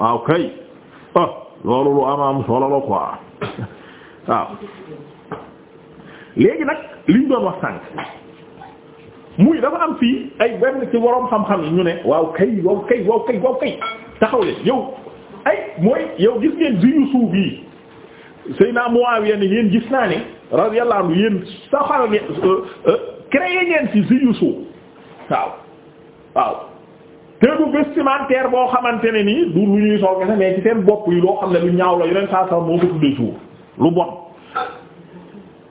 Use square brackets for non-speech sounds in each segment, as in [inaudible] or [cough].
waaw kay ah, loolu lu am am solo la léegi nag liñ doon wax sànq muy dafa am fii ay benn ci waroom xam-xam yi ñu ne waaw kay waaw kay waaw kay waaw taxaw leen yow ay mooy yow gis ngeen biyu suuf yi Seydina Muawiya ne yéen gis naa ne radiyallahu anhu yéen saxal ngeen euh, euh, créé ngeen ci biyu te du vestimentaire boo xamante ne nii du lu ñuy sol kese mais ci seen bopp yi loo xam ne lu ñaaw la yeneen saa saa moo ko tuddee suuf lu bon.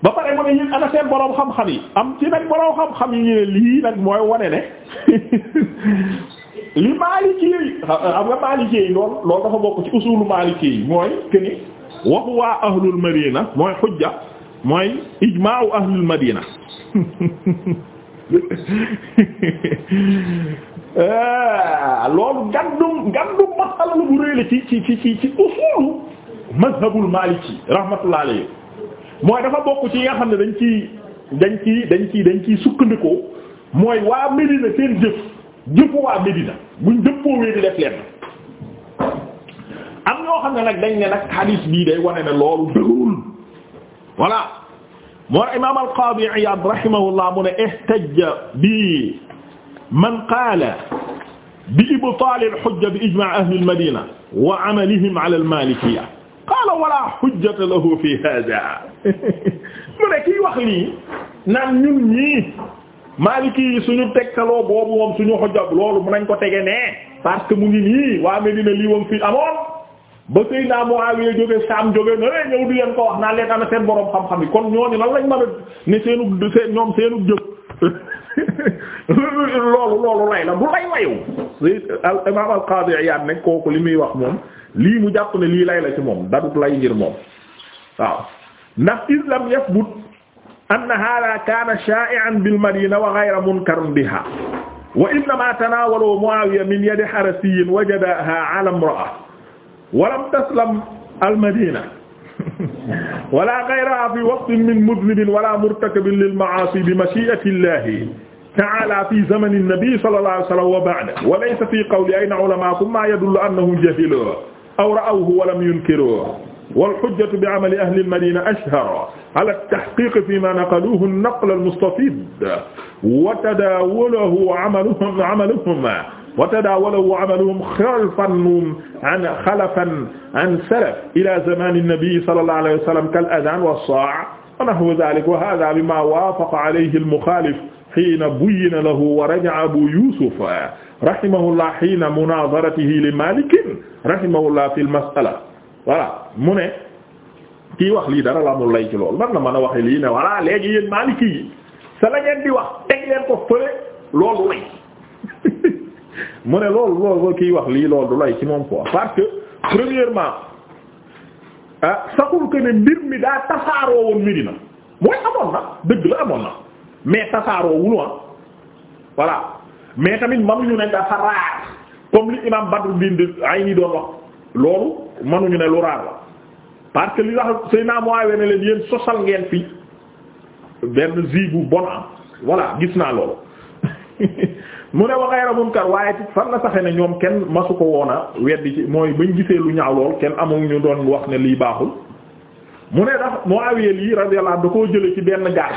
ba pare mu ne ñun ana seen boroom xam-xam yi am ci nag boroom xam-xam yi ñu ne lii nag mooy wane ne [laughs] li Maliki yi nga Maliki yi loolu loolu dafa bokk ci usulu Maliki yi mooy que waxu waa ahlul madina mooy xujja mooy ijmaa'u ahlul madina [laughs] Euh, loolu gàndum gàndum masala la bu réy la ci ci ci ci usulu mazhabul maliki rahmatullah alayhi mooy dafa bokk ci yi nga xam ne dañ ci dañ ci dañ ci dañ ciy sukkandikoo mooy waa Médina seen jëf jëfu waa Médina buñ dëppoo wee di def leen am ñoo xam ne nag dañ ne nag hadis bii day wane ne loolu dëgërul voilà moo imam al qadi Iyad mu ne ihtajja bi man qaala bi ibtaal al-hujja bi ijmaa' ahli al-madina wa amalihim ala al-maalikiyya qaala wala hujjata lahu fi haaza mu ne kii wax lii naan ñun ñii maaliki yi suñu tegtaloo boobu moom suñu xujja loolu mën nañ ko tege nee parce que mu ngi nii waa Medina lii woon fii amoon ba Seydina Muawiya jóge Saam jóge na rek ñëw di leen ko wax naan leen ana seen borom xam-xam yi kon ñooñu lan lañ mën a ne seenu seen ñoom seenu jëf dul loolu loolu lay la du lay wayu al imaam al qaadi Iyaad nag kooku li muy wax moom lii mu jàpp ne lii lay la ci moom dadut lay ngir moom waaw ndax islam yasbut anna hada kaana shaa'i'an bil madina wa ghayra munkarin biha wa innama tanaawalu Muawiya min yadi harasiyyin wajadaha ala imra'a wa lam taslam al madina [laughs] wala ghayraha fi waqtin min mudhnibin wala murtakabin lil ma'aasi bi mashi'ati llahi ta'ala fi zamani an-nabi sallallahu alayhi wa sallam wa ba'da wa laysa fi qawli ayna ulamaakum ma yadullu annahum jahiluhu aw ra'awhu wa lam yunkiruhu wal hujjatu bi amali ahli al-madina ashhara ala at-tahqiq fi ma naqaluhu an-naql al-mustafid wa tadawalahu amaluhum amaluhum wa tadawalahu amaluhum khalfan an khalfan an salaf ila zamani an-nabi sallallahu alayhi wa sallam kal-adhan was-sa'a wa nahwu dhalik wa hadha bima wafaqa alayhi al-mukhalif hiina buyyina lahu wa raja'a abu yusuf rahimahullah hiina munaadaratihi li malik rahimahullah fil mas'ala voilà mu ne kii wax lii dara la amul lay ci loolu man la mën a waxee lii ne voilà léegi yéen maliki yi sa la ngeen di wax teg leen ko fële loolu lay [laughs] mu ne loolu loolu kiy wax lii loolu du lay ci moom quoi parce que premièrement ah saxul que ne mbir mi daa tasaaroo woon Medina mooy na dëgg la na. mais tasaaroo wul ah voilà mais tamit mënuñu ne dafa raar comme li imam Badruddin Ayni doon wax loolu mënuñu ne lu raar la parce que li tax Seydina Muawiya ne leen yéen sosal ngeen fi benn ziibu bon am ah voilà gis naa loolu [laughs] mu ne wa ghayra munkar waaye fan la saxe ne ñoom kenn masu ko woon a weddi ci mooy bañ gisee lu ñaaw lool kenn amul ñu doon wax ne lii baaxul mu ne tax Muawiya lii radiyallahu anhu da koo jële ci benn gaar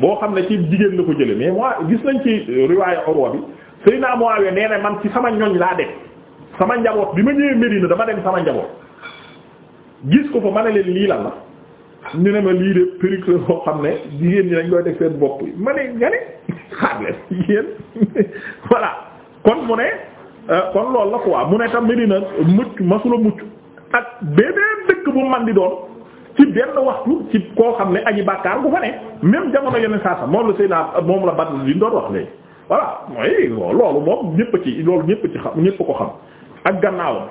boo xam ne ci jigéen la ko jële mais moi gis nañ ci riwaayu Urwa bi Seydina Muawiya nee na man ci sama ñoñ laa dem sama njaboot bi ma ñëwee Medina dama dem sama njaboot gis ko ko ma ne leen lii lan la ñu ne ma lii de perruque la boo xam ne jigéen ñi dañ koy def seen bopp yi ma ne nga ne xaar leen jigéen [laughs] voilà kon mu ne euh, kon loolu la quoi mu ne tam Medina mucc masula mucc ak beneen dëkk bu man di doon ci benn waxtu ci koo xam ne aji bàkkaar bu fa ne même jamono yeneen saa sax moom la sëy naa moom la Badr di doon wax léegi voilà mooy loolu moom ñëpp ci loolu ñëpp ci xam ko xam ak gannaawam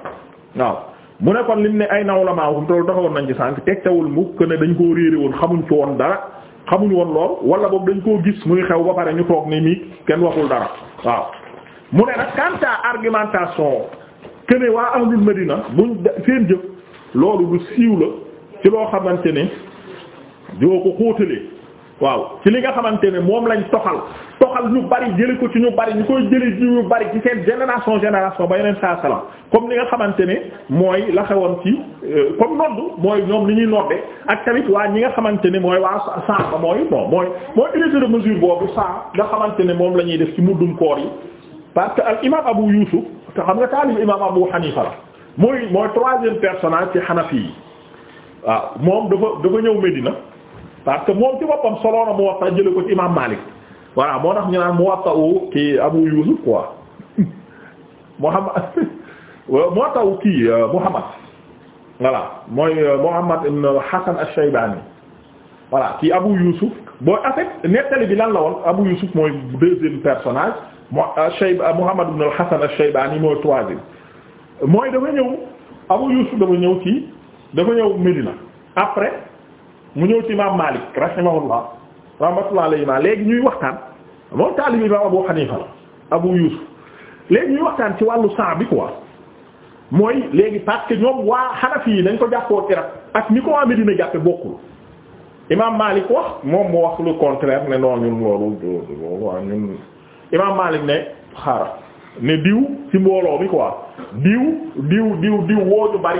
waaw mu ne kon ne ay naw la maawum tool doxawoon nañ ci sànq tegtawul mu que ne dañ koo réere woon xamuñ ci woon dara xamuñ woon lool wala boobu dañ koo gis muy xew ba pare ñu toog nii mi kenn waxul dara waaw mu ne nag quant à argumentation que ne waa ahlul madina buñ seen jëf loolu lu siiw la ci loo xamante ne doo ko xóotalee waaw ci li nga xamante ne moom lañ toxal toxal ñu bari jële ko ci ñu bari ñu koy jële ci ñu bari ci seen génération génération ba yeneen saa salaam comme li nga xamante ne mooy la xewoon ci euh, comme nodd mooy ñoom li ñuy nodde ak tamit waa ñi nga xamante ne mooy waa saa ba mooy bon mooy mooy boobu saa nga xamante ne moom la ñuy def ci muddum koor que al imam Abu Yusuf te xam nga taalib imam Abu Hanifa la mooy mooy personnage ci Hanafi yi waaw moom dafa dafa ñëw Medina parce que moom ci boppam solo na Muwatta jële ko ci imaam Maalik voilà moo tax ñu naan Muwatta wu kii Abu Yusuf quoi [laughs] [laughs] Muwatta wu kii euh, Muhammad voilà mooy euh, Muhammad ibn Hasan ash-Shaybani voilà kii Abu Yusuf boo en nettali bi lan la woon Abu Yusuf mooy deuxième personnage mo euh, Shayb Muhammad ibn al-Hasan ash-Shaybani mooy troisième mooy dafa ñëw Abu Yusuf dafa ñëw ci dafa ñëw Medina après mu ñëw ci imaam Malik rahimahullah rahmatullah alayhi léegi ñuy waxtaan moom taalib imaam Abu Hanifa la Abu ñuy waxtaan ci wàllu sang bi quoi mooy léegi parce que ñoom waa Hanafi yi dañ ko jàppoo Irak ak ni ko waa Medina jàppe bokkul imaam Malik wax moom mu wax le contraire ne non ñun loolu Malik ne xaaral ne diw ci mbooloo mi quoi diw diw diw diw woo ñu bari.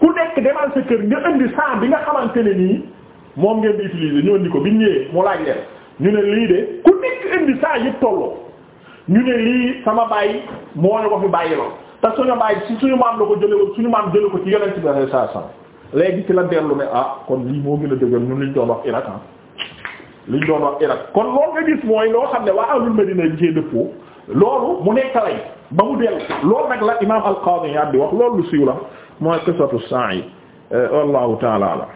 ku nekk demal sa kër nga indi sang bi nga xamante ne nii moom ngeen di utiliser ñu indi ko bi ñëwee mu laaj leen ñu ne lii de ku nekk indi sang yëpp tolloo ñu ne lii sama baay moo ne ko fi bàyyi lool te suñu baay si suñu maam la ko jëlee woon suñu maam jële ko ci yeneen ci biir saa saa léegi ci la dellu ne ah kon lii moo gën a dëgër ñun liñ doon wax Irak ah liñ doon wax Irak kon loolu nga gis mooy loo xam ne waa ahlul Madina yi cee dëppoo loolu mu nekk lay ba mu dellu loolu la imaam al-Qadi Iyad di wax loolu lu siiw la mooy qisatu sa'i eh, wallahu taala alam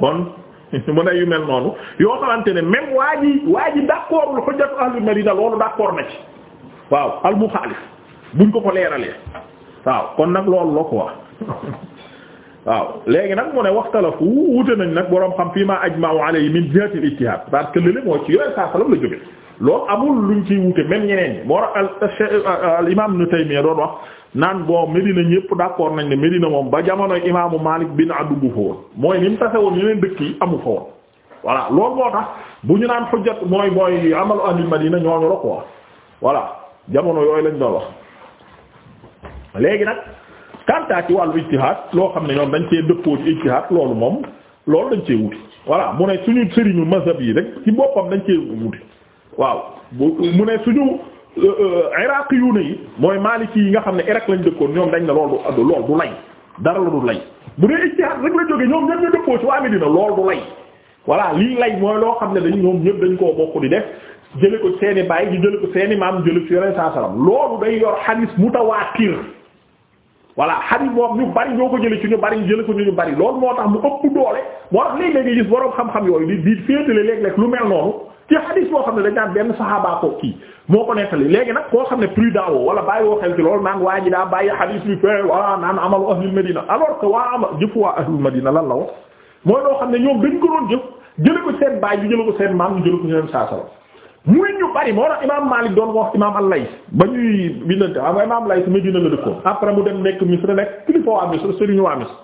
kon [laughs] mu ne yu mel noonu yoo xamante ne même waa ji waa ji d'accordul hujjatu ahlul madina loolu d'accord na ci waaw al muxaalif buñ ko ko leeralee waaw kon nag loolu la ko wax [laughs] waaw léegi nag mu ne waxtalafu wuute nañ nag boroom xam fii ma ajma'u alayhi min jihati al ittihad parce moo ci yooyu saa salam la jóge loolu amul luñ ci wute même ñeneen ñi moo tax al imaam Ibn Taymiyya doon wax naan bon Medina ñëpp d'accord nañ ne Medina moom ba jamonoy imaamu Maalik bin aduggu fa woon mooy ni mu tase woon yeneen dëkk yi amu fa woon voilà loolu moo tax bu ñu naan xujjat mooy mooy amalu ahlil Madina ñooñu la quoi voilà jamono yooyu lañ doon wax léegi nag kantaa ci wàllu ijtihaad loo xam ne ñoom dañ cee dëppoo ci ijtihaad loolu moom loolu dañ cee wuti voilà mu ne suñu ci boppam dañ cee waaw mu ne suñu euh, euh, iraq yu ne yi mooy maliki yi nga xam ne iraq lañ dëkkoon ñoom dañ ne lool du lool du lay dara la du lay bu dee ijtihaad rek la jóge ñoom ñëpp ñu dëppoo ci waa Medina lool du lay voilà lii lay mooy loo xam ne dañ ñoom ñëpp dañ koo bokk di def jële ko seeni baay ñu jële ko seeni maam jële ko ci yoneen saa salaam loolu day yor hadith mutawaatir voilà xadis moom ñu bari ñoo ko jëlee ci ñu bari jële ko ñu ñu bari loolu moo tax mu ëpp doole moo tax léeg-léeg nga gis xam-xam yooyu di di féetale léeg-léeg lu mel noonu ci xadis boo xam ne dañ naan benn saxaaba ko kii moo ko nettali léegi nag koo xam ne prudent woo wala bàyyi woo xel ci loolu naan waa ji daa bàyyi xadis bi fe wala naan amalu ahlul madina alors que waa ama jëfu waa ahlul madina lan la wax mooy loo xam ne ñoom dañ ko doon jëf ko seen baay ko seen maam ñu jële mu muy ñu bari moo tax imaam Maalik doon wax imaam al-Lays ba ñuy bindante waaw imaam al-Lays Medina la dëkkoon après mu dem nekk Misra nekk kilifa waa Misra sëriñu waa Misra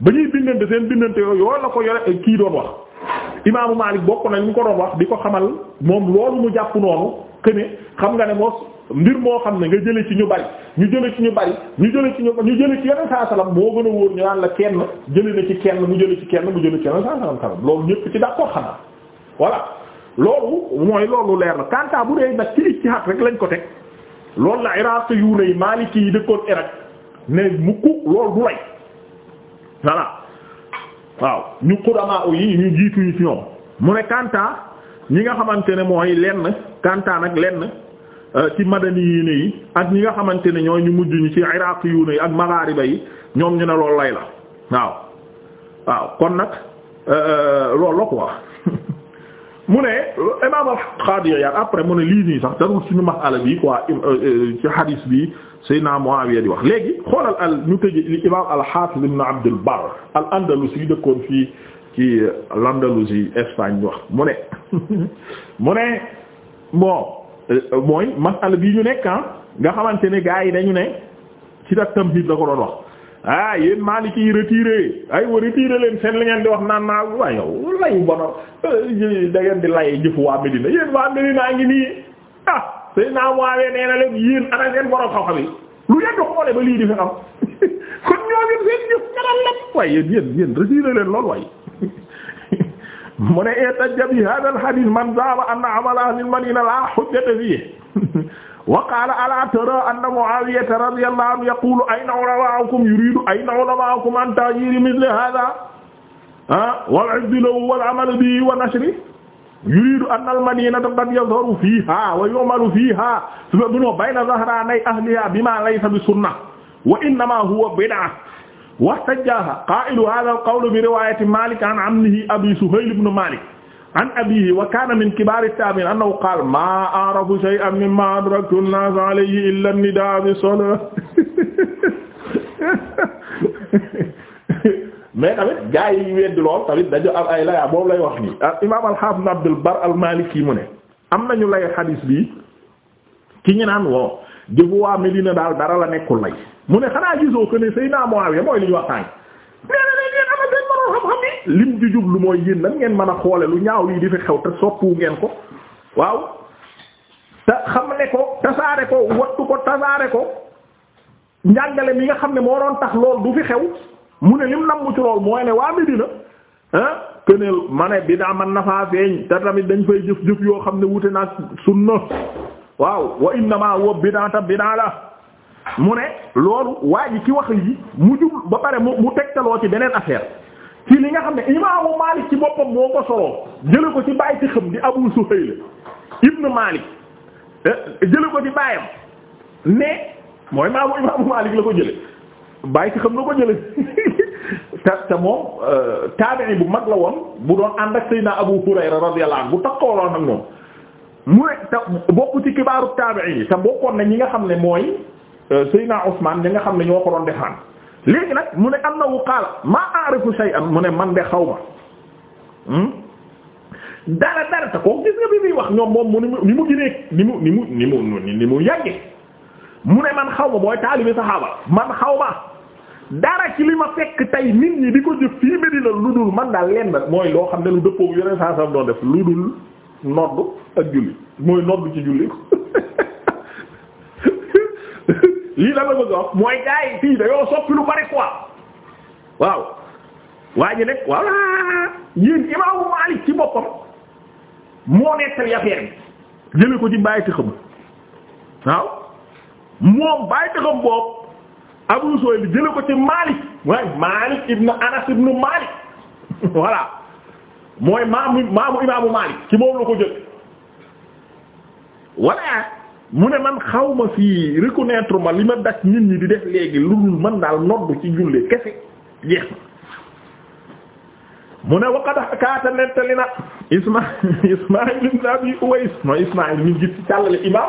ba ñuy bindante seen bindante yooyu la ko yore eh, kii doon wax imaamu Maalik bokk na ñu ko doon wax di ko xamal moom loolu mu jàpp noonu que ne xam nga ne moos mbir moo xam ne nga jële ci ñu bari ñu jële ci ñu bari ñu jële ci ñu ñu jële ci yeneen saa salaam moo gën a wóor ñu naan la kenn jële na ci kenn mu jële ci kenn mu jële ci yeneen saa salaam loolu ñëpp ci d'accord xanaa voilà loolu mooy loolu leer na kanta bu dee nag ci ijtihaad rek lañ ko teg loolu la iraq yu nay maliki yi dëkkoon iraq ne mukk loolu du lay voilà waaw ñu xudama yi ñu jiitu ñu ci ñoom mu ne kanta ñi nga xamante ne mooy lenn kanta nag lenn euh, ci madani yi ne yi ak ñi nga xamante ne ñooy ñu mujj ñu ci iraq yu ne yi ak maghariba yi ñoom ñu ne loolu lay la waaw waaw kon nag euh, euh, loolu la ko wax mu ne imam al-Qaadi Iyaad après mu ne lii nii sax darul suñu masala bi quoi euh, euh, ci hadis bi naa Seydina Muawiya di wax léegi xoolal al ñu tëje li imam al-Haafiz ibn Abd al-Barr al-Andalusi dëkkoon fii ci l'Andalousie Espagne wax mu ne [laughs] mu ne bon euh, mooy masala bii ñu nekk ah nga xamante ne gaa yi dañu ne ci dak tamhiid la ko doon wax ah yéen Maliki yi retiré ay wa retiré leen seen li ngeen di wax naan naa waaye yow layu bono da ngeen di laye jëfu waa Medina yéen waa Medina ngi nii ah sëy naa waawee nee na leen yéen ana seen borom xaw-xam lu yeddu xoole ba lii di fi xam [laughs] kon ñoo ngeen seen jëf kanam lépp waaye yéen yéen yéen retiré leen loolu [laughs] mu ne etajjabi hada al hadith man zaba anna amala ahli al madina la hujjata fihi [laughs] wa qaala alaa tara anna Mu'aawiyata radiyallahu anhu yaqulu ayna ulama'ukum yuridu ayna ulama'ukum an ta'yiiri mithli haadha ah, wal 'izzi lahu wal 'amalu bihi wa nashrihi yuridu anna al-madiinata qad yadharu fiihaa wa yu'malu fiihaa thumma bayna dhahraanay ahlihaa bimaa laysa bi-sunnah wa innamaa huwa bid'ah wa ihtajjaha qaa'ilu haadha al-qawli bi riwaayati Maalik an 'ammihi Abii Suhayl ibn Maalik an abihi wa kaana min kibaar at-taabi'iin annahu qaala maa a'rafu shay'an mimmaa adraktu an-naas alayhi illaa an-nidaa' bis-salaat mais tamit gaa yi weddi lool tamit dañu am ay layaa boobu lay wax nii imaam al-Haafiz Abdul Barr al-Maaliki mu ne am nañu lay xadiis bi ci ñu naan woo jëfu waa Medina daal dara la nekkul lay mu ne xanaa gisoo ko ne Seydina Muawiya mooy li ñu wax lim di lu mooy yéen nag ngeen mën a xoole lu ñaaw lii di fi xew te soppu ngeen ko waaw te xam ne ko tasaare ko wattu ko tasaare ko njàngale mi nga xam ne moo doon tax lool du fi xew mu ne lim namm ci lool mooy ne waa Medina ah këneel ma ne bidaa man na faa feeñ te tamit dañ fay jëf jëf yoo xam ne wute naa sunna waaw wa innama wa bidaata bidaa la mu ne loolu waa ji ki wax lii mu jub ba pare mu mu tegtaloo ci beneen affaire ci li nga xam ne imaamu Malik ci boppam boo ko soloo jële ko ci bàyyi ci xam di Abu Suhayl ibnu Malik eh, jële ko ci bàyyam ne mooy maamu imaamu Malik la ko jële bàyyi ci xam la ko jële [laughs] te te moom euh, taabi'i bu mag la woon bu doon ànd ak Seydina Abu Hurayra radiyallahu anhu bu takkooloon ak moom mu ne te bokk ci kibaaru taabi'i yi te bokkoon na ñi nga xam ne mooy euh, Seydina Usman ñi nga xam ne ñoo ko doon defaan léegi nag mu ne am na wu qaala maa aarifu shay'an mu ne man de xaw ma hmm? dara dara ko gis nga bi muy wax ñoom moom mu ni mu gënee ni mu ni mu ni mu ni mu yàgge mu ne man xaw ma booy taalibi saxaaba man xaw ma dara ci li ma fekk tey nit ñi di ko jëf fii Medina lu dul man daal lenn mooy loo xam ne lu dëppoo yeneen saa saa doon def lu dul nodd ak julli mooy nodd ci julli lii la ma bëgg wax mooy gars yi fii dañoo soppi lu bari quoi waaw waa ji nekk voilà yéen imaamu Maalik ci boppam moo nettali affaire bi jële ko ci bàyyi tëxam waaw moom bàyyi tëxam boobu Abu Suhayl bi jële ko ci Maalik waaye Maalik ibn Anas ibn Maalik [laughs] voilà mooy maamu imaamu Maalik ci moom la ko jël voilà mu ne man xaw ma fii reconnaître ma li ma daj nit ñi di def léegi lu dul man daal noddu ci julli kese jeex na mu ne waqad kaata nettali na isma [laughs] ismail ibn mi ngi ci càllale imam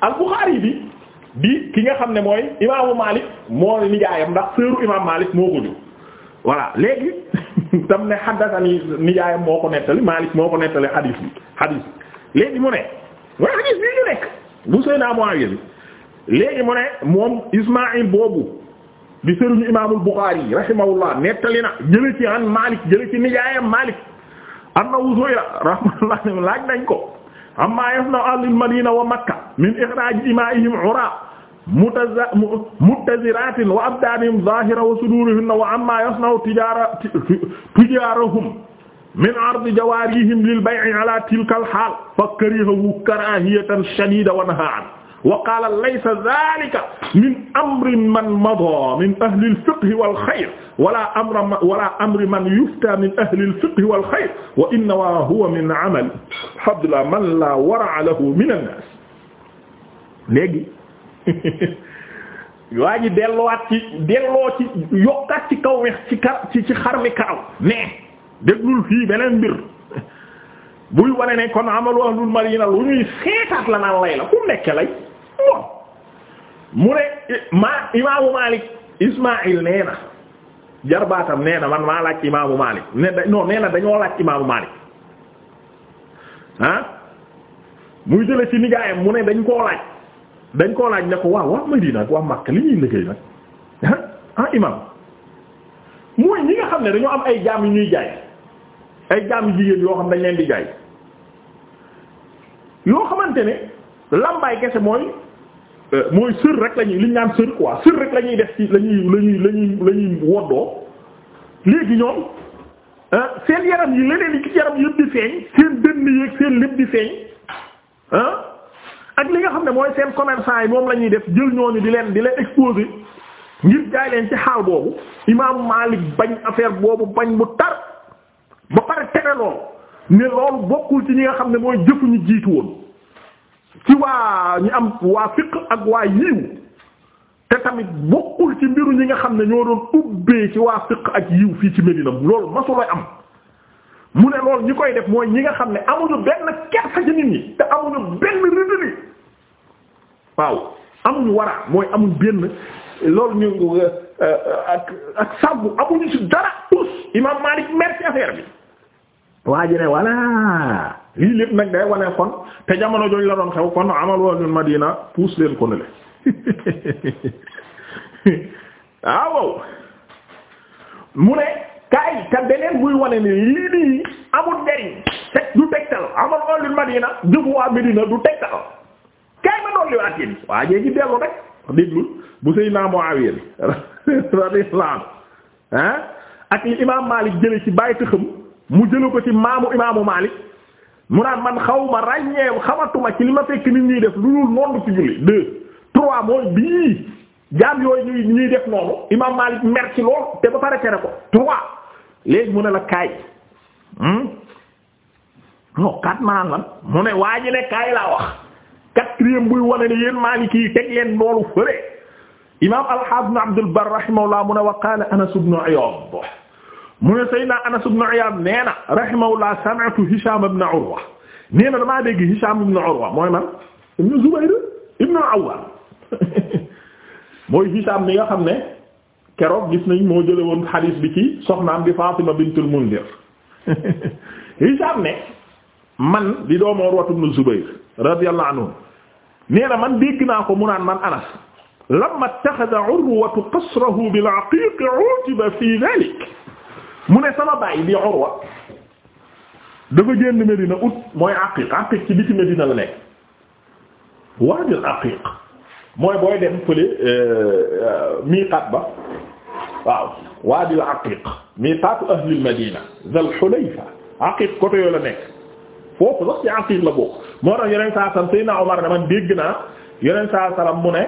al-Bukhari bi ki nga xam ne mooy imaamu Malik moo nijaayam ndax seeru imam Malik moo ko jur voilà léegi [laughs] tam ne haddathani nijaayam moo ko nettali Malik moo ko nettali hadith bi hadith léegi mu ne waaye hadith bi ñu nekk bu Seydina Muawiya bi léegi mu ne moom Ismaïl boobu di sëriñu imaamul Bukhari yi rahimahullah nettali na jële ci an Malik jële ci nijaayam Malik annahu su'ila rahmatullah laaj nañ ko amma yasna ahlul madina wa makka min ikhraj ima'ihim ura mutaziratin wa abdanihim zahira wa sudurihim wa amma yasna tijara tijarahum min ardi jawaarihim lil bay'i ala tilka al haal fa karihahu karaahiyatan shadiidatan wa nahaa wa qaala laysa dhaalika min amri man madaa min ahli al fiqh wal xayr wala amra wala amri man yuftaa min ahli al fiqh wal xayr wa innamaa huwa min amali Abdullah man laa wara'a lahu min an-naas léegi [laughs] waa ji delluwaat ci delloo ci yokkaat ci kaw weex ci kar ci ci xar mi karaw mais. déglul fii beneen mbir buy wane ne kon amalu ahlul marina lu ñuy seetaat la naan lay la ku nekk lay mu ne ma imaamu Malik Ismaïl nee jarbaatam nee man maa laaj imaamu Malik ne da non nee na dañoo laaj imaamu Malik ah muy jële ci nijaayam mu ne dañ koo laaj dañ koo laaj ne ko waaw Madina ak waa Makka li ñuy liggéey nag ah ah imaam mooy ñi nga xam ne dañoo am ay jaam yu ñuy jaay ay jaam jigéen yoo xam dañ leen di jaay yoo xamante ne lambaay kese mooy euh, mooy sër rek lañuy liñ naan sër quoi sër rek lañuy def ci lañuy lañuy lañuy lañuy woddoo léegi ñoom seen yaram yi leneen yi ci yaram yëpp di feeñ seen dënn yeeg di feeñ ak li nga xam ne mooy seen commerçant yi moom la ñuy def jël ñooñu di leen di leen exposer ngir jaay leen ci xaal boobu imaamu Maalik bañ affaire boobu bañ bu tar tere loolu ne loolu bokkul ci ñi nga xam ne mooy jëfu ñu jiitu woon ci waa ñu am waa fiq ak waa yiw te tamit bokkul ci mbiru ñi nga xam ne ñoo doon ubbee ci waa fiq ak yiw fii ci Medina loolu masulay am mu ne loolu ñi koy def mooy ñi nga xam ne amuñu benn kersa ci nit ñi te amuñu benn rëdd waaw amuñu wara mooy amuñ benn loolu ñu euh, euh, ak ak amuñu ci dara tous Imam Malik merci affaire bi. waa ji ne voilà lii lépp nag day wane kon te jamono jooju la doon xew kon amal waa ñun Madina puus leen ko ne le [laughs] ah, waaw mu ne kay te beneen buy wane ni lii nii amul njariñ du tegtal amal waa ñun Madina jëfu waa Madina du tegtal kay ma doon liwaat yéen waa jee ji dellu rek déglul bu Seydina Muawiya [laughs] radiyallahu anhu ah? ak li imaam Maalik jële ci bàyyi tëxam mu jëla ko ci maamu imaamu Maalik mu naan man xawma ma ràññee xamatuma ci li ma fekk nit ñuy def lu dul noonu ci julli deux trois mooy bii jaam yooyu ñuy def noonu imaam Maalik mer ci te ba pare tere ko trois léegi mu ne la kaay hmm? non quatre a lan mu ne waa ji ne kaay laa wax quatrième buy wane ne yéen Maalik yi teg leen loolu fële imaam al-Hafiz Ibn Abdul Barr rahimahullah mu ne wa qaala Anas ibn Iyad mu ne Seydina Anas ibn Iyaad nee na rahimahullah sami'tu Hisham ibn Urwa nee na damaa dégg Hisham ibn Urwa mooy man ibn Zubayr ibn Awwam [laughs] mooy Hisham mi nga xam ne keroog gis nañ moo jële woon xadiis bi ci soxnaam di Fatima bintul Munzir [laughs] Hisham ne man di doomu Urwa ibn Zubayr radiyallahu anhu nee na man dégg naa ko mu naan man Anas lamma ittaxada Urwa qasrahu bil aqiiq utiba fi dalik mu ne sama baay bi Urwa dafa génn Medina ut mooy aqiq aqiq ci biti Medina la nekk waajal aqiq mooy booy dem fële euh, miiqaat ba waaw waadil aqiq miiqaatu ahlil madina zal xulayfa aqiq côté yooyu la nekk foofu sax ci aqiq la bokk moo tax yeneen saa salaam Seydina dégg naa yeneen saa mu ne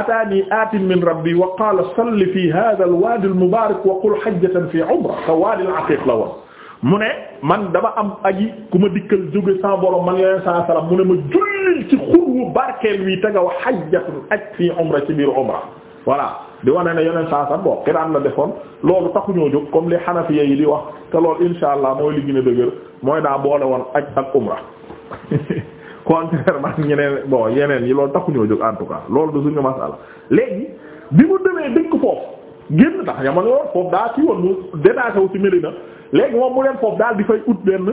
ataani aatin min rabbi wa qaala salli fi hadha alwaadi almubaarak wa qul fi umra te waadi alaqiq la woon mu ne man dama am aji ku ma dikkal jóge sa borom man yoneen saa salaam mu ne ma jullil ci xurwu barkeel wi te nga wax hajjatan fi umra ci biir umra voilà di wane ne yeneen saa sax la defoon lool taxuñoo jóg comme li xanafiya yi di wax te loolu insha allah mooy li gën a mooy daa boole aj ak umra [laughs] contrairement ñeneen bon yeneen yi loolu taxuñoo jóg en tout cas loolu du suñu masala léegi bi mu demee dëkk foofu génn tax jamono yoon foofu daa ci woon mu détaché wu ci Medina léegi moom mu leen foofu daal di fay ut benn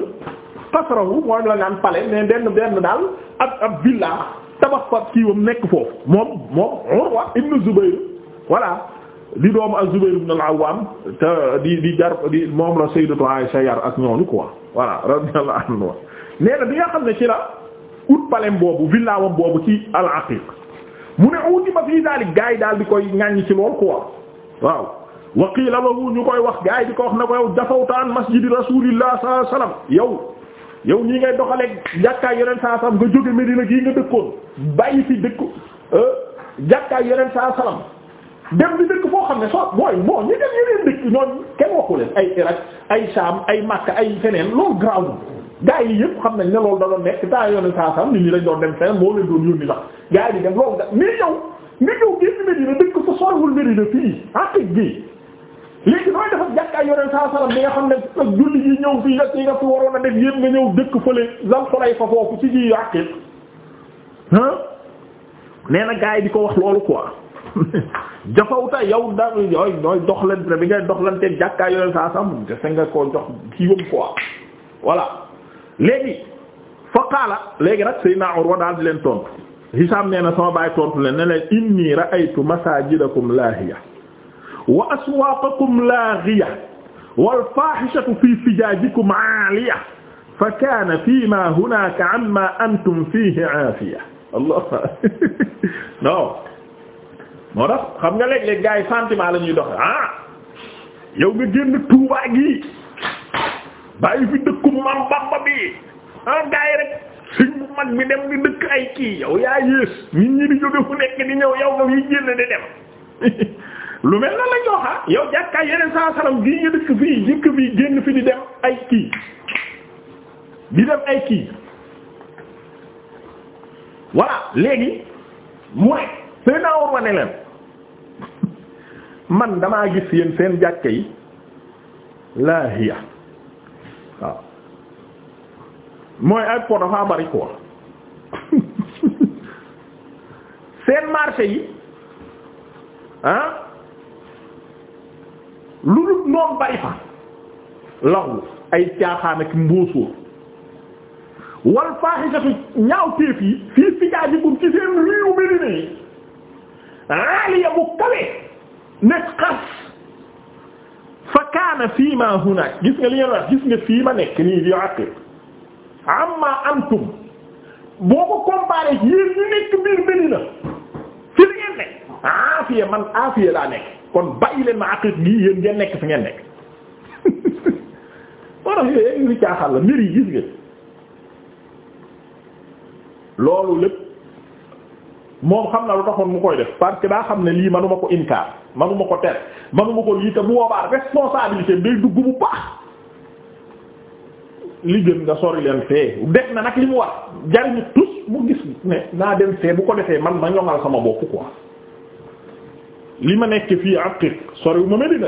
tasarawu moom la naan palais mais benn benn daal ab ab villa tabax fa kiiwam nekk foofu moom moom Urwa ibn Zubayr di doomu ak zubayr ibn al-Awwam te di di jar di moom la Sayyidatu Aisha yar ak ñooñu quoi voilà radiyallahu anhu nee na bi nga xam ut palem boobu villaawam boobu ci al aqiq mu ne uti ma fii daalik gars yi daal di koy ŋàññi ci lool quoi waaw waqiila lahu ñu koy wax gars yi di ko wax na ko yow dafawtaan masjidi rasulillah sallallahu alayhi wasallam yow yow ñii ngay doxaleeg jàkkaay yeneen saa salam nga jóge Medina gii nga dëkkoon bàyyi fi dëkk euh, jàkkaay yeneen saa salam dem di dëkk foo xam ne soo mooy bon ñu dem yeneen dëkk ñooñ kenn waxu ay Irak ay saam ay Makka ay feneen loolu garaawul gaa yi yëpp xam nañ ne loolu da doon nekk daa yoonu saa sam nit ñi lañ doon dem feneen moo leen doon yónni ndax gaa yi di dem loolu da mais yow nga ñëw génn Medina dëkk ah, bi nga xam ne ak julli yi ñëw nga fi waroon a def yéen nga ñëw dëkk fële zal xolay fa foofu ci ji àqit ah nee na gaa yi di ko wax loolu quoi [laughs] jafawta yow da yooyu nooy doxlante bi ngay doxlante jàkkaay yoneen saa salam dese nga ko jox kii wam quoi voilà léegi fa qaala léegi nag Seydina Urwa daal di leen tontu Hisaam nee na sama baay tontu leen ne leen inni ra'aytu masaajidakum laahiya wa aswaaqakum laaghiya wal faahishatu fii fijaajikum aaliya fa kaana fiimaa hunaaka ammaa antum fiihi aafiya allah [laughs] non moo tax xam nga léeg-léeg gars yi sentiment la ñuy doxe ah yow nga génn Tuubaa gi yi ah gars yi bu mag bi dem di dëkk ay kii yow yaa yées nit ñi di jóge fu nekk di ñëw yow ma yi génn di dem [laughs] lu mel na a wax ah. yow jàkkaay yeneen saa salaam gii nga dëkk fii jëkk fii génn fi di dem ay kii di dem ay kii voilà léegi mu ne tey naa war ma ne leen [laughs] man damaa gis yéen seen jàkka yi laahiya mooy ay po dafa bari quoi seen marché yi ah lu dul noom bari fa laxu ay caaxaan ak mbuusóor wal faaxisatu ñaaw téef yi fii fijaa ji bum ci seen réew Medina yi raaliya bu kawe nekk xas fa kaana fii hunaak gis nga li nga wax gis nga fii nekk nii di àqir antum boo ko comparé yéen ñu nekk biir Medina fi ngeen nekk aafiya man aafiya laa nekk kon bàyyi leen ma aqiq gi yéen ngeen nekk fi ngeen nekk [laughs] loolu lépp moom xam naa lu taxoon mu koy def parce que daa xam ne lii manuma ko inkaar manuma ko tere manuma ko lii te bu boobaa responsabilité day dugg bu baax li gën nga sori leen fee def na nag li mu wax jariñu tus mu gis ne naa dem fee bu ko defee man ma ñoŋal sama bopp quoi li ma nekk fii Aqiq soriw ma Medina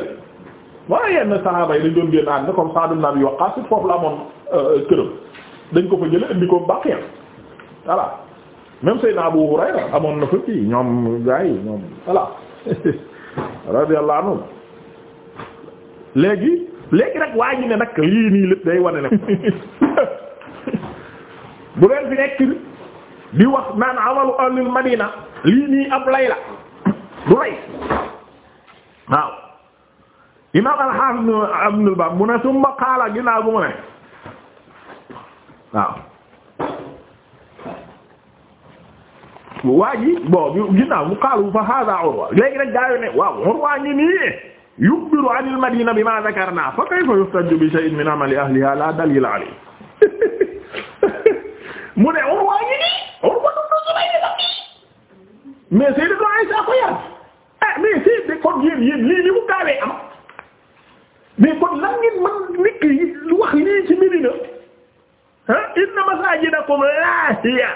waaye yenn saxaaba yi dañ doon génn àddina comme Sa'd ibn Abi Waqqas foofu la amoon euh, këram dañ ko fa jële indi ko Baqiya voilà même Seydina Abu Hurayra amoon na fa ci ñoom gars yi ñoom voilà [laughs] radiyallahu léegi léegi nag waa ji ne nag lii nii lépp day wane [laughs] bu leen fi di wax naan amalu ahlil madina lii nii ab lay la du lay waaw imam al-Hafiz Ibn al-Bab mu ne summa qaala ginnaaw bu mu ne waaw waa ji bon ginnaaw mu xaalu fa hada Urwa léegi nag gaa yi ne waaw Urwa ngi nii yukhbiru an al madina bima dhakarna fa kayfa yuhtaju bi shay'in min amali ahliha la dalila alayhi [laughs] mu ne Urwa ngi nii Urwa du du Zubayr la mais Sayyidatu Aisha ko yar ah mais c'est kon yéen yéen lii ni mu gaawee am mais kon lan ngeen mën nit ki wax lii ci Medina ah inna masajidakum lahiya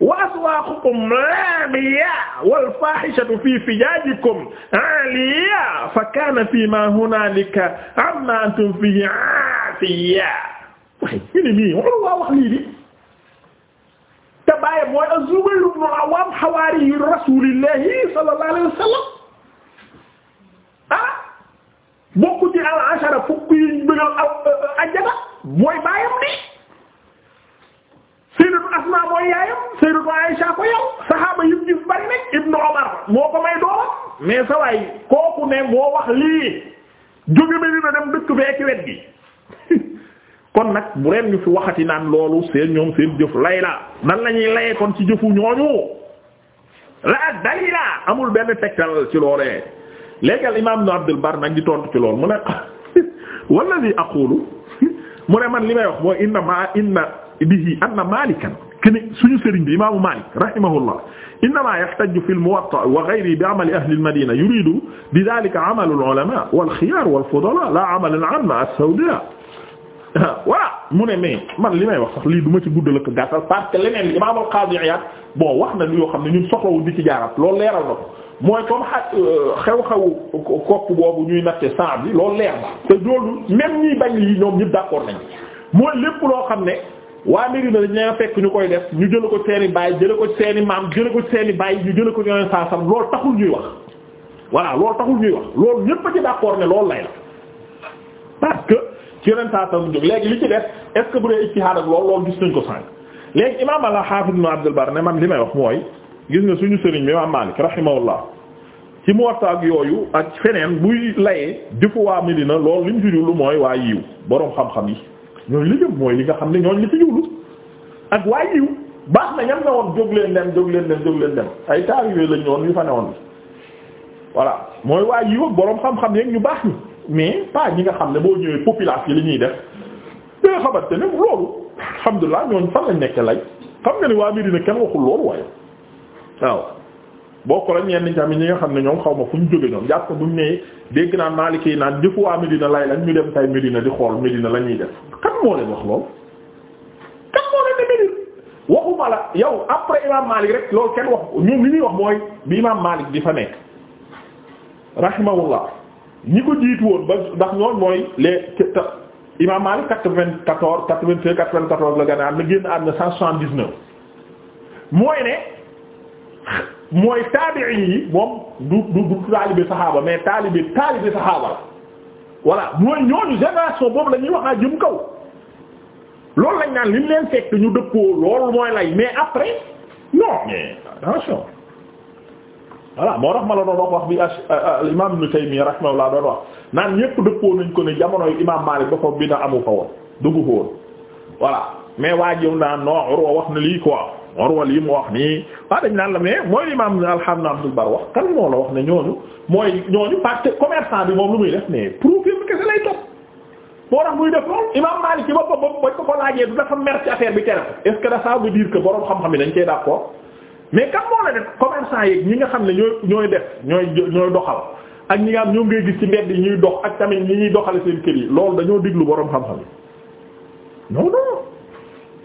wa aswaaqukum raamiya wal faahishatu fii fijaajikum aaliya fa kaana fii maa hunaalika ammaa antum fiihi aafiya waaye ñu ne nii waa wax lii di te bàyyi mooy az-Zubayr ibn al-Awwaam hawaari rasuulillaahi sallallaahu alayhi wa sallam ah bokku ci al-ashara fukk yi ñu bëgg a ajjana mooy bàyyam ni sayyidatu Asma mooy yaayam sayyidatu Aisha saxaaba yim gis bari nag Ibnu Umar moo ko may doomam mais sa kooku ne moo wax lii jóge Medina dem dëkk bee ci wet gi [laughs] kon nag bu leen ñu fi waxati naan loolu seen ñoom seen jëf lay la nan la ñuy kon ci jëfu ñooñu la dalila amul benn tegtal ci loolee léegi al imaam Ibnu Abdul Barr nag di tontu ci loolu mu ne [laughs] walladi aqulu [laughs] mu ne man li may wax mooy inna ma inna bihi anna malikan kene suñu sëriñ bi imaamu malik rahimahullah innama yahtaju fi al-muwatta wa ghayrihi bi amali ahli al-madina yuridu bi dhalika amalu al-ulama wal-khiyar wal-fudala la amal al-amma as-sawda voilà mu ne mais man li may wax sax lii du ma ci guddal ak gàttal parce que leneen li imam al-Qadi Iyad bon wax na yoo xam ne ñun soxlawul di ci jaarat loolu leeral na ko mooy comme euh, xew-xewu kopp boobu ñuy natte saa bi loolu leer na te loolu même ñiy bañ yi ñoom ñëpp d'accord nañ mooy lépp loo xam ne waa Medina dañ leen fekk ñu koy def ñu jële ko seeni baay jële ko seeni maam jële ko seeni baay ñu jële ko ñooy saasam loolu taxul ñuy wax voilà loolu taxul ñuy wax loolu ñépp a ci d'accord ne loolu lay la parce que ci yeneen saasam jóg léegi li ci def est-ce que bu dee ijtihaad ak loolu gis nañ ko sànq léegi imaam al-Haafiz Ibn Abdul Barr ne man li may wax mooy gis nga suñu sëriñ bi imaam Maalik rahimahullah ci Muwatta ak yooyu ak feneen buy layee di ko waa Medina loolu li mu mooy waa boroom xam yi ñooñu li jëm mooy li nga xam ne ñooñu li ci jublu ak waa yiw baax na ñam na woon jóg leen dem jóg leen dem jóg leen dem ay taar yooyu lañ ñoon yu fa newoon bi voilà mooy waa yiw ak boroom xam-xam yeeg ñu baax ñi mais pas ñi nga xam ne boo ñëwee population yi li ñuy def da nga xamante ne loolu alhamdulilah ñooñu fan lañ nekk lay xam nga ne waa Médina kenn waxul loolu waaye waaw bokk la ñenn ñi tamit xam ne ñoom xaw ma fu ñu jóge ñoom bu buñ ne dégg naan Maliki yi naan jëfu waa Medina lay lañ ñu dem tay Medina di xool Medina la ñuy def kan moo leen wax lool kan moo leen ne Medina waxuma la yow après imam Malik rek loolu kenn wax ñoom li ñuy wax mooy bi imam Malik di fa nekk rahimahullah ñi ko jiitu woon ba ndax ñoom mooy les imam Malik quatre-vingt-quatorze quatre-vingt-treize quatre-vingt-quatorze la gën a am na génn am na cent mooy taabi'i yi moom du du du taalibe saxaaba mais taalibe taalibe saxaaba la voilà mooy ñooñu génération boobu la ñuy waxaa jëm kaw loolu lañ naan liñ leen fekk ñu dëppoo loolu mooy lay mais après non mais attention voilà moo tax ma la doon wax wax bi al euh, euh, imam Ibn Taymiyya rahimahullah doon wax naan ñépp dëppoo nañ ko ne jamonoy imam Maalik ba foofu bi na amu fa woon dugg fa woon mais waa jiw naan non Urwa wax na lii quoi Urwa lii mu wax nii ah dañ naan la mais mooy imaam alhamna Abdul Bar wax kan moo la wax ne ñooñu mooy ñooñu parce que commerçant bi moom lu muy def mais profil bi kese lay topp. moo tax muy def lool imaam Maalik ci boppam bañ ko ko laajee du dafa mer ci affaire bi tere est ce que dafa veut dire que xam-xam yi dañ cee d'accord mais kan moo la def commerçant yeeg ñi nga xam ne ñooy ñooy def ñooy ñooy doxal ak ñi nga xam ñoo ngay gis ci mbedd yi ñuy dox ak tamit ñi ñuy doxale seen kër yi loolu dañoo diglu borom xam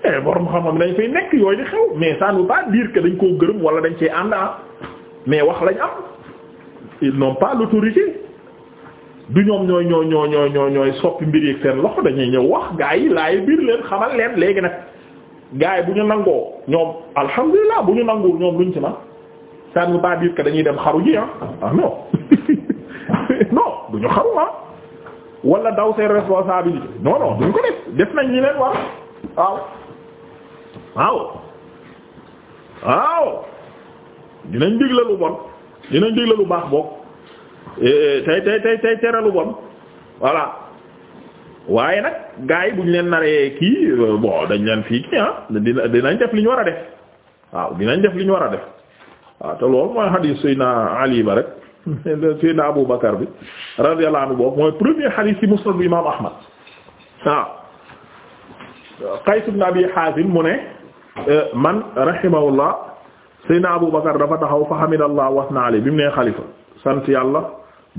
eh borom xam-xam dañ fay nekk yooyu di xew mais ça ne veut pas dañ koo gërëm wala dañ cee ànd ah. mais wax lañ am ils n'ont pas l'autorité du ñoom ñooy ñooy ñooy ñooy ñooy ñooy soppi mbir yeeg seen loxo dañuy ñëw wax gaa yi laay biir leen xamal leen léegi nag gaa yi bu ñu nangoo ñoom alhamdulilah bu ñu nangu ñoom luñ ci ma ça ne veut pas dañuy dem xaru ji ah ah non [laughs] du ñu xaru ah daw seen responsabilité non non duñ ko def def nañ ñi leen war waaw. waaw waaw dinañ digle lu bon dinañ digle baax book eh, eh, tey tey tey tey bon voilà waaye nag gars yi buñ leen naree kii euh, bon dañ leen fii kii ah dina dinañ def li ñu war a def waaw dinañ def li ñu war a def waaw te loolu mooy xadiis Seydina Ali ba rek [laughs] Seydina Abu Bakar bi radiyallahu anhu mooy premier xadiis ci Musnad bu Imaam Ahmad waaw Qays ibn Abi Haazim mu ne Euh, man rahimahullah Seydina Abu Bakar dafa taxaw fa hamidallah wasna ali bi mu nee xalifa sant yàlla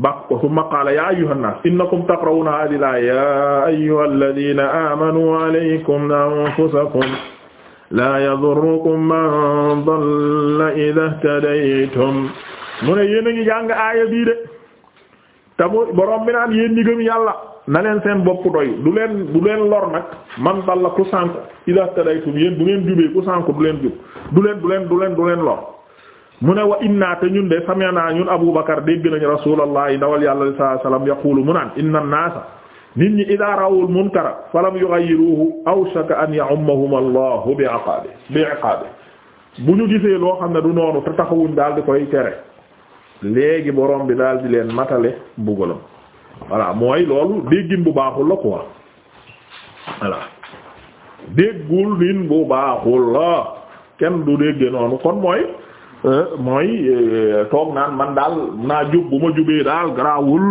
bàq ko summa qaala yaa ayyuhan naas innakum taqra'uuna haadihil aaya yaa ayyuhalladhiina aamanuu alaykum anfusakum laa yadurrukum man dalla idhaa ihtadaytum mu ne yéen a ngi jàng aaya bii de te mu borom bi naan yéen ñi gëm yàlla. na leen seen bopp doy du leen du leen lor nag man dal la ku sànk ila tadaytum yéen bu ngeen jubee ku sànk du leen jub du leen du leen du leen du lor mu ne wa inna te ñun de naa ñun Abu Bakar dégg nañu rasulullah dawal yàlla sallallahu alayhi wasallam yaqulu mu naan inna an-naasa nit ñi idaa rawul munkara falam yughayyiruhu awshaka an ya'ummahum Allah bi iqaabi bi iqaabi bu ñu gisee loo xam ne du noonu te taxawuñ daal di koy tere léegi borom bi di leen matale mbugalam voilà mooy loolu déggin bu baaxul la quoi voilà déggul lin bu baaxul la kenn du dégge noonu kon mooy euh, mooy euh, toog naan man daal naa jub bu ma jubee daal garaawul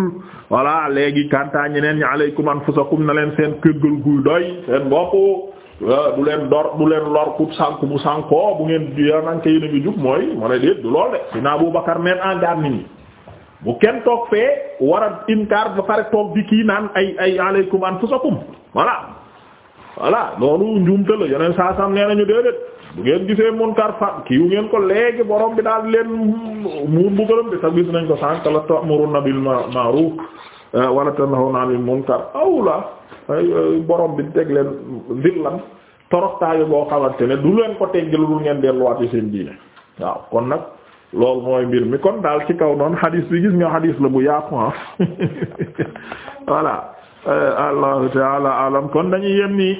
voilà léegi kantaa ñeneen ñi alaykum anfusakum na leen seen këggal guy doy seen bopp euh, du leen dor du leen lor ku sànk bu sànkoo bu ngeen yananke yéen a ngi jub mooy mu ne déet du lool de si na Abu Bakar meen en nit ñi bu kenn toog fee war a inkaar ba pare toog di kii naan ay ay aleykum anfusakum voilà voilà loolu njuumte la yeneen saa sam nee nañu de bu ngeen gisee munkar fa kiiwu ngeen ko léegi borom bi daal leen muur mbugalam de sax gis nañ ko sànq la na bil na ma'ruf ah, wala tanhawna 'anil munkar awla borom bi teg leen zillan toroxtaayu boo xamante ne du leen ko tegg lu dul ngeen delluwaat ci seen diine waaw kon nag lool mooy mbir mi kon daal ci kaw noonu xadis bi gis nga xadis la bu yaatu ah [laughs] voilà euh, allahu taala alam kon dañuy yem nii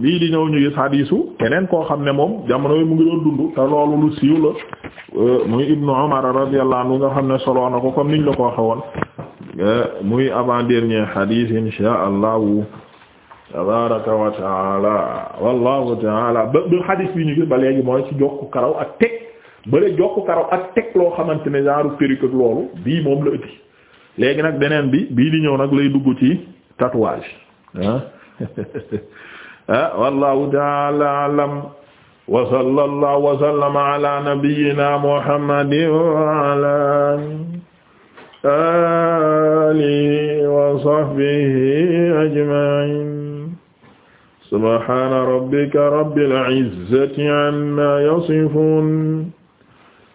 lii di ñëw ñu gis xadisu keneen koo xam ne moom jamono yi mu ngi doon dund te loolu lu siiw la euh, muy ibnu umar radiyallahu anhu nga xam ne solo na ko comme niñ la ko waxe woon euh, muy avant dernier xadis insha allahu tabaraka wa wallahu taala ba ba xadis bi ñu gis ba léegi mooy ci jokku karaw ak teg bële jokk karaw ak teg loo xamante ne genre perruque ak loolu bii moom la ëtti léegi nag beneen bi bii di ñëw nag lay dugg ci tatouage ah [laughs] ah wallahu ta'ala a'lam wa sallallahu wa sallama ala nabiyyina muhammadin wa ala alihi wa sahbihi ajma'in subhana rabbika rabbil izzati amma yasifun